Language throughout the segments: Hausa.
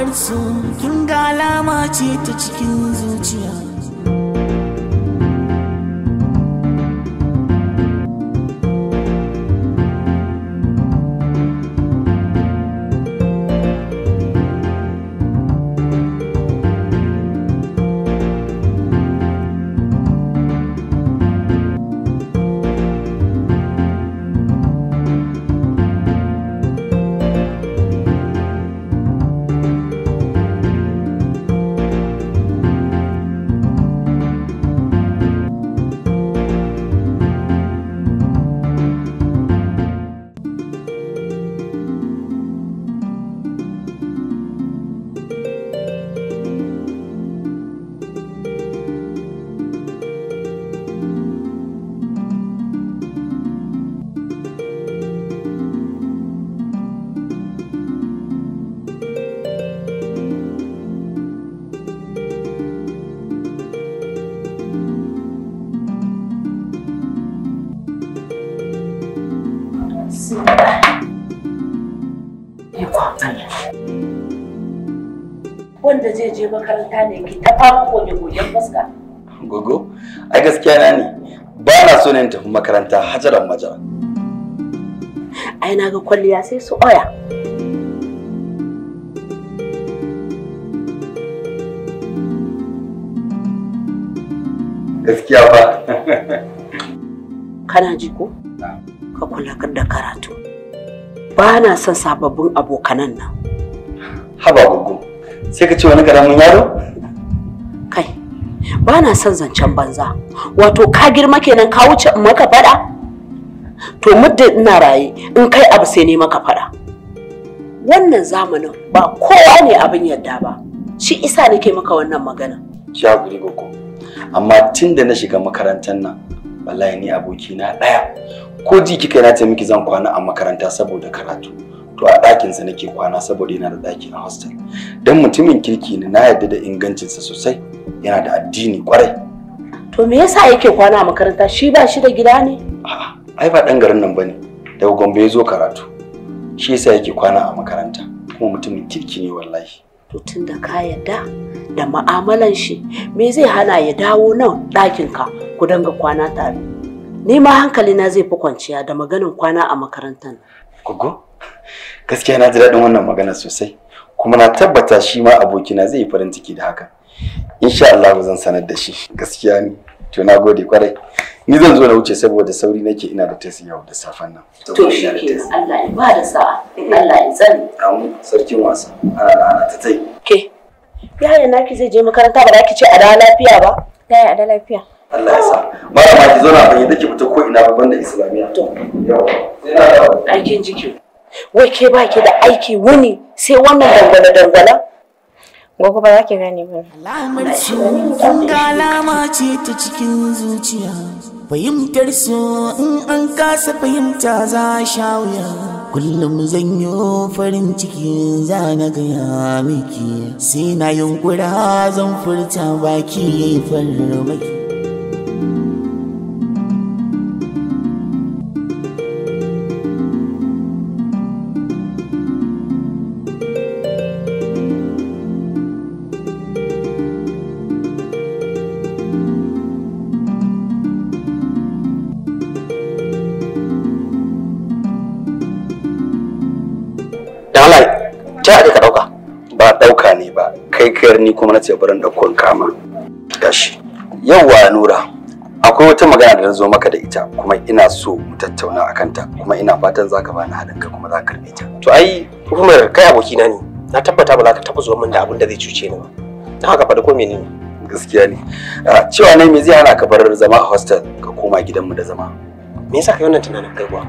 kamar su kin ga alama ce ta cikin zuciya Ikon Allah. Wanda zai je makaranta ne ki ta fama goge-gogen fuska. Gogo, ai gaskiya na ne. Ba na so ne tafi makaranta hajaran majara. Ai na ga kwalliya sai su oya. Gaskiya ba. Kana ji ko? ka kula da karatu ba na son sababbin abokanan nan haba gugu sai ka ce wani karamin yaro kai ba na son zancen banza wato ka girma kenan ka wuce in maka fada to muddin ina raye in kai abu sai ne maka fada wannan zamanin ba kowa ne abin yadda ba shi isa nake maka wannan magana ya guri gugu amma tun da na shiga makarantar nan wallahi ni abokina ɗaya ko ji kika yana ce miki zan kwana a makaranta saboda karatu to a ɗakinsa nake kwana saboda yana da ɗaki a hostel dan mutumin kirki ne na yarda da ingancinsa sosai yana da addini kwarai to me yasa yake kwana a makaranta shi ba shi da gida ne a'a ai ba ɗan garin nan bane daga gombe ya zo karatu shi yasa yake kwana a makaranta kuma mutumin kirki ne wallahi to tun da ka yarda da mu'amalan shi me zai hana ya dawo nan ka ku danga kwana tare Ni ma hankali na zai fi kwanciya da maganin kwana a makarantar. Gogo, gaskiya na ji daɗin wannan magana sosai. Kuma na tabbata shi ma abokina zai yi farin ciki da haka. Insha Allah zan sanar da shi. Gaskiya ni. To na gode kwarai. Ni zan zo na wuce saboda sauri nake ina da tesi yau da safen nan. To shi ke Allah ya ba da sa'a. Allah ya tsare. Amin. Sarkin wasa. Ana ana ta tai. Ke. Yaya naki zai je makaranta ba da ki ce a da lafiya ba? Yaya a da lafiya. Allah ya sa ma ki zo na bayyana ki fito ko ina babban da islamiya to yawa sai na dawo aikin jiki wai ke ba ki da aiki wuni sai wannan dangana dangana gobe ba za ki gane ba alamar su kun ga alama ce ta cikin zuciya fahimtar su in an kasa fahimta za a sha wuya kullum zan yi farin ciki za na gaya miki sai na yunkura zan furta baki farmaki ni kuma na ce barin ɗauko kama gashi yauwa nura akwai wata magana da na zo maka da ita kuma ina so mu tattauna a kanta kuma ina fatan za ka bani halin ka kuma za ka ta to ai umar kai abokina ne na tabbata ba za ka taɓa zuwa min da abin da zai cuce ni ba don haka faɗi ko menene gaskiya ne cewa ne me zai hana ka bar zama a hostel ka koma gidanmu da zama me yasa kai wannan tunanin kai kuwa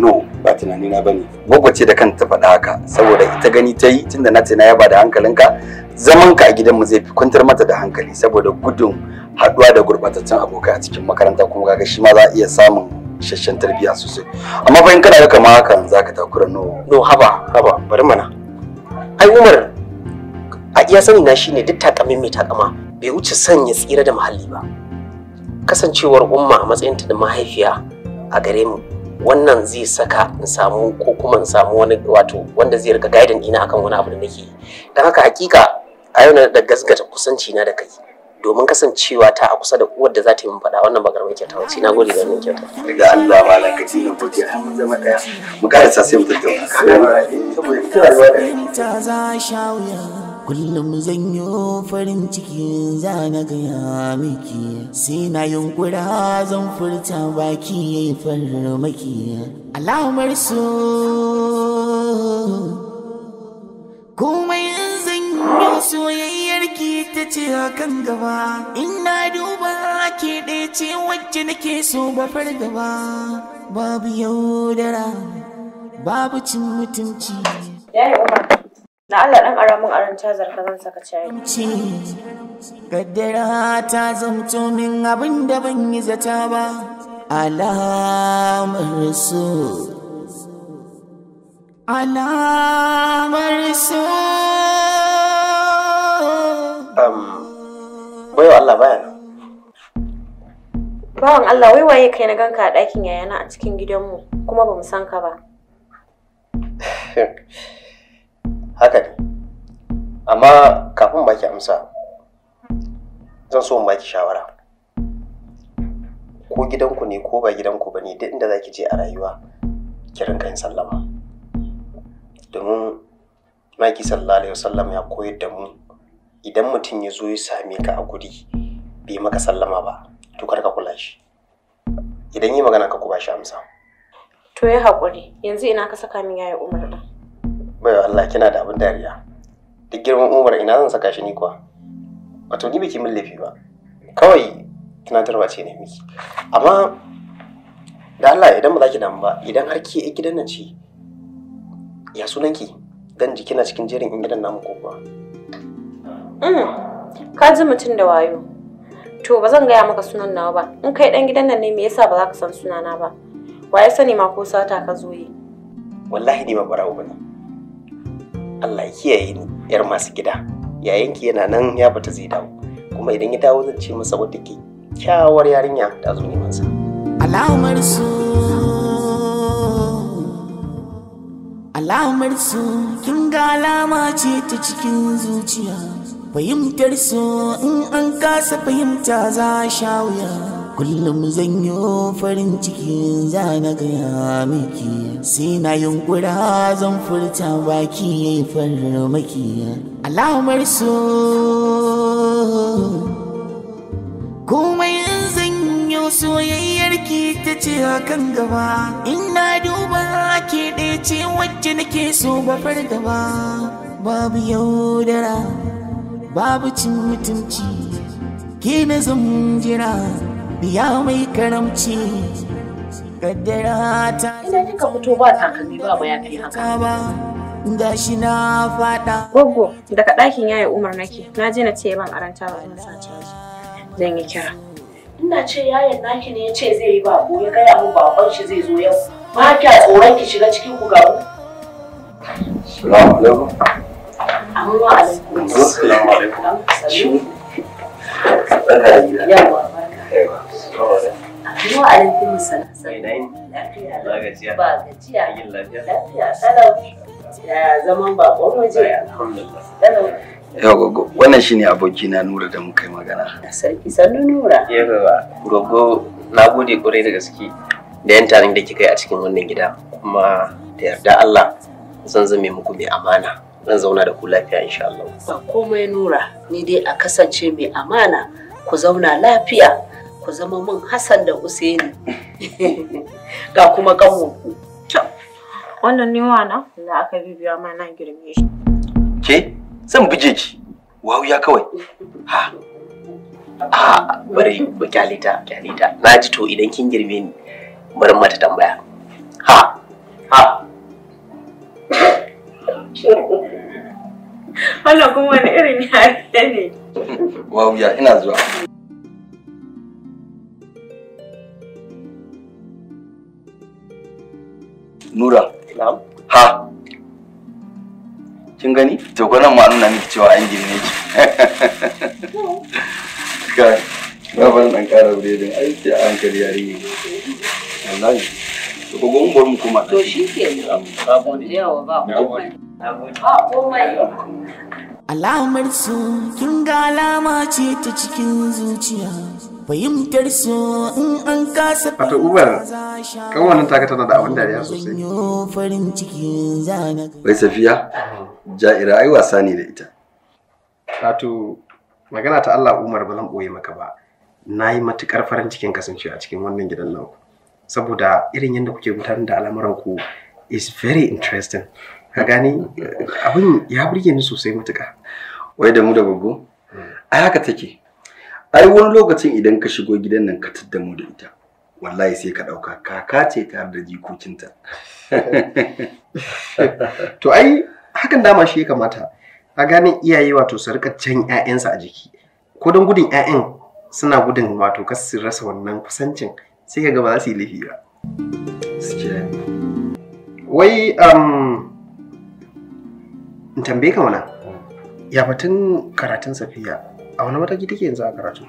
no ba tunani na bane gwagwa da kanta faɗa haka saboda ita gani ta yi tunda na ce ya yaba da hankalinka zaman ka a mu zai fi kwantar mata da hankali saboda gudun haɗuwa da gurɓataccen abokai a cikin makaranta kuma kaga shi ma za a iya samun isasshen tarbiyya sosai amma fa in kana ga kamar za ka takura no no haba haba bari mana ai Umar a iya sani na shine duk takamin mai takama bai wuce sanya tsira da muhalli ba kasancewar umma a matsayinta da mahaifiya a gare mu wannan zai saka in samu ko kuma in samu wani wato wanda zai rika gaidan ina akan wani abu da nake yi don haka hakika a yau da gasgata kusanci na da kai domin kasancewa ta a kusa da uwar da za ta yi min faɗa wannan ba mai kyauta wacce na gode da wannan kyauta daga Allah ma ci na gode mun zama daya mu karasa sai mu tattauna da ta za shawiya kullum zan yi farin ciki za na gaya miki sai na yunkura zan furta baki ya yi farmaki alamar su komai zan yi soyayyar ki ta ce hakan gaba ina duba ke ɗaya ce wacce nake so ba fargaba babu yaudara babu cin mutunci Na Allah ɗan ƙaramin aron cazar ka zan saka cayi. Gaddara ta zamto min abin da ban yi zata ba, alamar so. Alamar so. Um, baiwa Allah nan. Bawan Allah wai waye kai na ganka a ɗakin yayana a cikin gidanmu kuma ba mu san ka ba. haka ne amma kafin baki amsa zan so in baki shawara ko gidanku ne ko ba gidanku ba ne duk inda za ki je a rayuwa ki rinka yin sallama domin maki sallallahu alaihi wasallam ya koyar da mu idan mutum ya zo ya same ka a guri bai maka sallama ba to kar ka kula shi idan yi magana ka ku ba shi amsa to ya haƙuri yanzu ina ka saka min yayi umar ɗin bai Allah kina da abin dariya duk girman umar ina zan saka shi ni kuwa wato ni biki min laifi ba kawai tunatarwa ce ne miki amma da Allah idan ba za ki damu ba idan har ke gidan nan ce ya sunan ki? dan jiki na cikin jerin in gidan namu ko kuwa mm. ka ji mutum da wayo to ba zan gaya maka sunan nawa ba in kai dan gidan nan ne me yasa ba za ka san sunana ba wa ya sani ma ko sata ka zo yi wallahi ni ba barawo bane Allah ya kiyaye ni yar masu gida yayanki yana nan ya bata zai dawo kuma idan ya dawo zan ce masa wata kyakkyawar yarinya ta zo neman sa alamar su alamar su kin ga alama ce ta cikin zuciya fahimtar su in an kasa fahimta za a sha wuya kullum zan yi farin ciki za na gaya miki sai na yunkura zan furta baki ya yi farmaki alamar su. komai in zan yi soyayyar ki ta ce hakan gaba Ina duba ke ɗaya ce wacce nake so ba gaba. babu yaudara babu cin mutunci ke na zan jira biya mai karamci kaddara ta ina kika fito ba takalmi ba ba ya kai haka shi na fada. Goggo, daga ɗakin yaya Umar nake, na je na ce ban aranta ba na sace Zan yi kira. Ina ce yayan naki ne ya ce zai yi ba bako, ya gaya mu bakon shi zai zo yau. Ba kya tsoron ki shiga cikin ku gabu. Salamu alaikum. Amma alaikum. Salamu alaikum. Yawa, barka. Wa alaikum salam. Lafiya. Ba gajiya. lafiya. Lafiya. Ya zaman bakon waje. Yau gogo, wannan shine abokina Nura da muka yi magana. Sarki sannu Nura. Yawa, gogo na gode kwarai da gaske da yan tarin da kika yi a cikin wannan gida kuma da yarda Allah zan zame muku mai amana. Zan zauna da ku lafiya insha Allah. Ba komai Nura, ni dai a kasance mai amana ku zauna lafiya. ku zama mun Hassan da Usaini ga kuma kanmu. To. Wannan ni wana da aka bibiya ma na girme shi. Ke zan bije ki Wau ya kawai. Ha. A ah, bari ba kyalita kyalita na ji to idan kin girme ni bari mata tambaya. Ha. Ha. Wannan kuma wani irin yare ne. Wawiya ina zuwa. Nura. Ha. Kin gani? To ko nan ma nuna miki cewa an gine ki. Ka na bar nan ƙara biredin aiki a hankali yarinya. Wallahi. To ko gon bar kuma. To shikenan. Ba gode. Yawa ba komai. Ba komai. Alamar su kin ga alama ce ta cikin zuciya. fahimtar su in an kasa wato uber kan wannan taka tana da abin dariya sosai wai safiya ja'ira ai wasa ne da ita wato magana ta Allah Umar ba zan boye maka ba na yi matukar farin cikin kasance a cikin wannan gidan nan saboda irin yadda kuke gudanar da al'amuran ku is very interesting ka gani abin ya burge ni sosai matuka wai da mu da babu hmm. a haka take ai wani lokacin idan ka shigo gidan nan ka tadda mu da ita wallahi sai ka ɗauka kaka ce tare da jikokinta to ai hakan dama shi ya kamata a gane iyaye wato su rika can 'ya'yansa a jiki ko don gudun 'ya'yan suna gudun wato kas su rasa wannan kusancin sai ka ga ba za su yi lafiya. ba wai um, tambaye ka mana ya batun karatun safiya a wani mataki take yanzu a karatu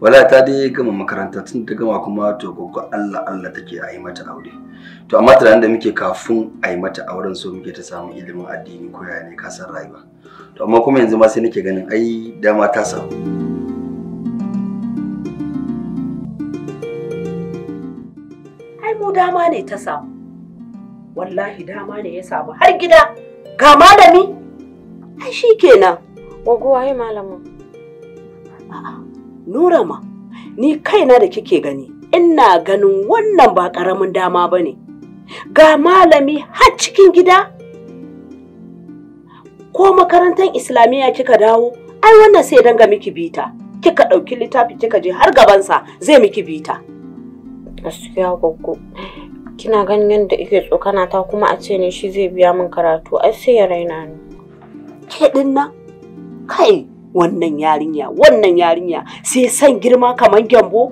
wala ta dai gama makaranta tun da gama kuma to gogo Allah Allah take a yi mata aure to amma tunanin da muke kafin a yi mata auren so muke ta samu ilimin addini ko ya ne kasar rayuwa to amma kuma yanzu ma sai nake ganin ai dama ta samu ai mu dama ne ta samu wallahi dama ne ya samu har gida ga malami ai shikenan Gogo waye Nura ma, ni kaina da kike gani, ina ganin wannan ba ƙaramin dama ba ne. Ga malami har cikin gida? Ko makarantar Islamiyya kika dawo, ai wannan sai danga miki bita. Kika ɗauki littafi kika je har gabansa zai miki bita. Gaskiya gogo. kina ganin yadda ike tsokana ta kuma a ce ne shi zai biya min karatu ai sai ya raina ni. Ke nan kai wannan yarinya wannan yarinya sai san girma kamar gyambo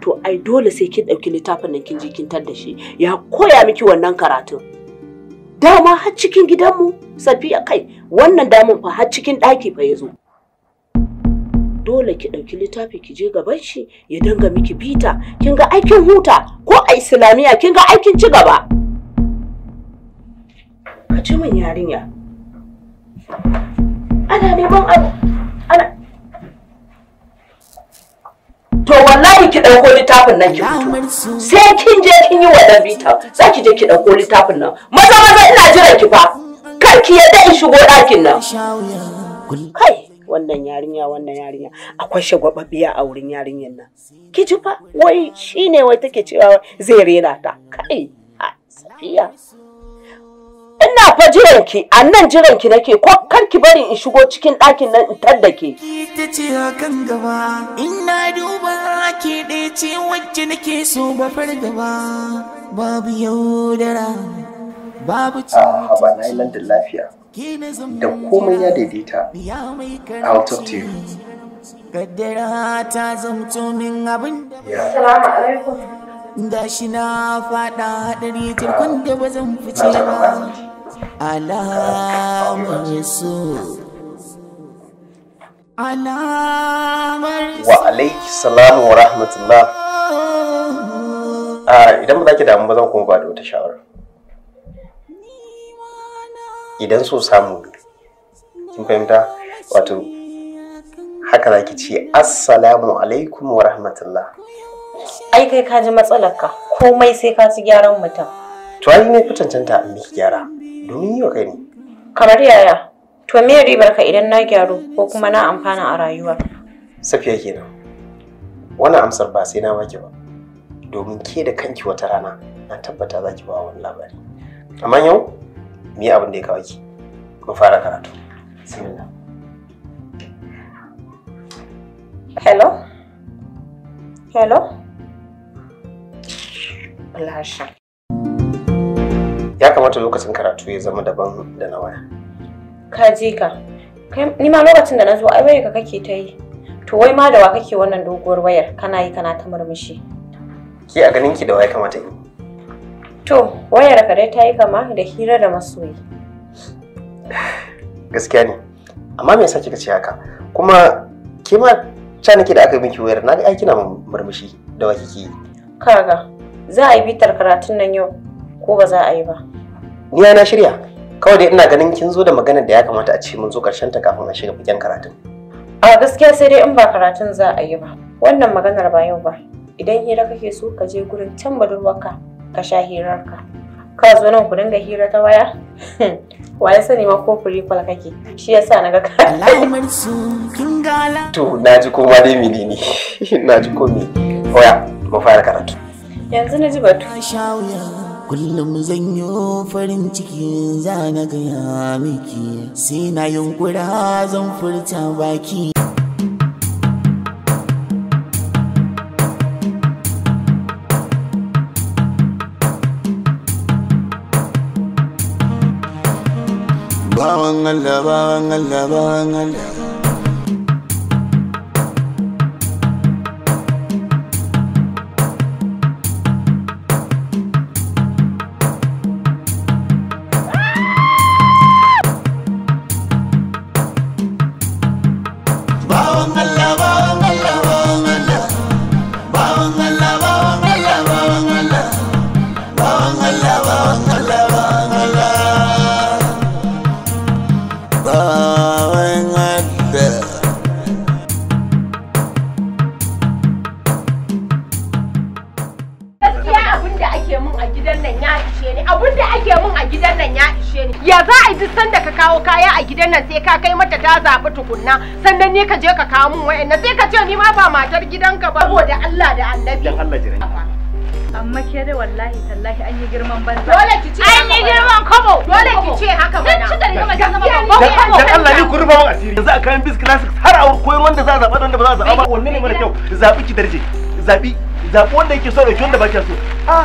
to ai dole sai ki ɗauki littafin nan kin je kin tar da shi ya koya miki wannan karatun dama har cikin gidanmu safiya kai wannan damun fa har cikin ɗaki fa ya zo dole ki ɗauki littafi ki je gaban shi ya danga miki bita kin ga aikin huta ko a islamiyya kin ga aikin ci gaba ka ci min yarinya ana neman abu ana to wallahi ki ɗauko littafin nan ki sai kin je kin yi wadan bita za ki je ki ɗauko littafin nan maza maza ina jiran ki fa kar ki yadda in shigo ɗakin nan kai wannan yarinya wannan yarinya akwai shagwababbiya a wurin yarinyar nan ki ji fa wai shine wai take cewa zai rena ta kai a safiya ina fa jiran ki a nan jiran ki nake ko kar ki bari in shigo cikin ɗakin nan in tadda ke ita ce kan gaba ina duba ke ɗaya ce wacce nake so ba ba, babu yaudara babu a ah, haba na yi landin lafiya da komai ya daidaita out of tear kaddara ta zamto min abin da salamu alaikum da na faɗa haɗari ah. turkun da ba zan fice ba alamar su alamar wa alaiki salamu wa rahmatullah ah, idan ba za ki damu ba zan kuma ba da wata shawara idan so samu kin fahimta wato haka za ki ce assalamu alaikum wa rahmatullah ai kai ka ji matsalarka komai sai ka ci gyaran mutum to ai ne ku cancanta in miki gyara domin yi wa ne. Kamar yaya? To me ribar ka idan na gyaru ko kuma na amfana a rayuwa? Safiya kenan. Wannan amsar ba sai na baki ba. Domin ke da kanki wata rana na tabbata za ki ba wani labari. Amma yau me abin da ya kawo ki. fara karatu. Bismillah. Hello? Hello? ya kamata lokacin karatu ya zama daban da na waya ka je ka ni ma lokacin da na zo ai waya ka kake ta yi to wai ma da wa kake wannan doguwar wayar kana yi kana ta murmushi ki a ganin ki da waya kamata yi to wayar ka dai ta yi kama da hira da masoyi gaskiya ne amma me yasa kika ce haka kuma ke ma ca nake da aka miki wayar na ga ai kina murmushi da wa kike yi kaga za a yi bitar karatun nan yau ko ba za a yi ba ni na shirya kawai dai ina ganin kin zo da maganar da ya kamata a ce mun zo karshen ta kafin a shiga bikin karatun a gaskiya sai dai in ba karatun za a yi ba wannan maganar ba yau ba idan hira kake so ka je gurin can budurwarka ka sha hirar ka zo nan ku dinga hira ta waya wa sani ma ko call kake shi yasa na ga ka to na ji ko ma dai ne, na ji ko waya mu fara karatu yanzu na ji batu kullum zan yi farin ciki za na gaya miki sai na yunkura zan furta baki Bawan Allah, bawan Allah, bawan Allah. ka zaɓi tukunna sannan ne ka je ka kawo min wa'annan sai ka ce ni ma ba matar gidanka ba saboda Allah da Annabi dan Allah jira amma ke dai wallahi tallahi an yi girman banza dole ki ce an yi girman kobo dole ki ce haka mana sai ci da gama zama ba kobo dan Allah ni ku rufa mun asiri yanzu a kayan bis classics har aure koyon wanda za a zaɓa wanda ba za a zaɓa ba wanne ne mara kyau zaɓi ki darje zaɓi zaɓi wanda yake so da wanda ba kya so ah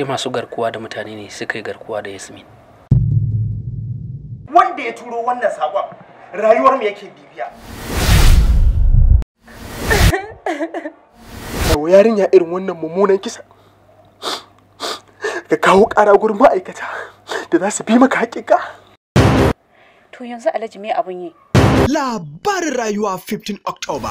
ashe masu garkuwa da mutane ne suka yi garkuwa da yasmin wanda ya turo wannan sakon rayuwar mu yake bibiya yarin yarinya irin wannan mummunan kisa ka kawo ƙara gurin ma'aikata da za su bi maka haƙiƙa to yanzu alhaji me abun yi labarin rayuwa 15 october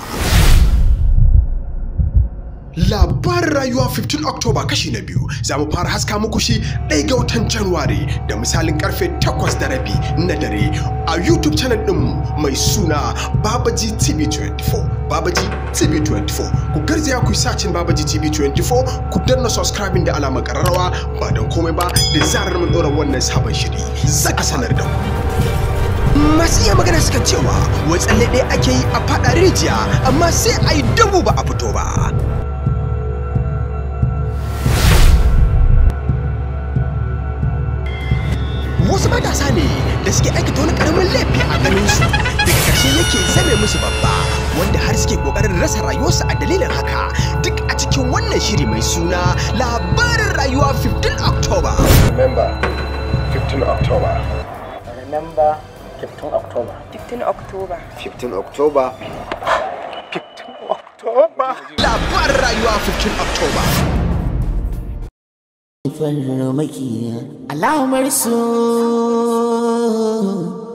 labarin rayuwa 15 Oktoba kashi na biyu za mu fara haska muku shi ɗaya ga watan Janwari da misalin karfe 8 da rabi na dare a YouTube channel ɗin mai suna Babaji TV 24. Babaji TV 24. Ku garzaya ku sacin Babaji TV 24 ku danna subscribing da alamar ƙararrawa ba don komai ba da zarar mun ɗora wannan sabon shiri zaka sanar da ku. masu iya magana suka cewa wai tsalle ɗaya ake yi a faɗa rijiya amma sai a yi ba a fito ba da suke aikata wani karamin laifi a ganin su daga ƙarshe yake zame musu babba wanda har suke kokarin rasa rayuwarsu a dalilin haka duk a cikin wannan shiri mai suna labarin rayuwa 15 October. Remember 15 October. Remember 15 October. 15 October. 15 October. 15 October. Labarin rayuwa 15 October. farmaki Allahumma rasul oh.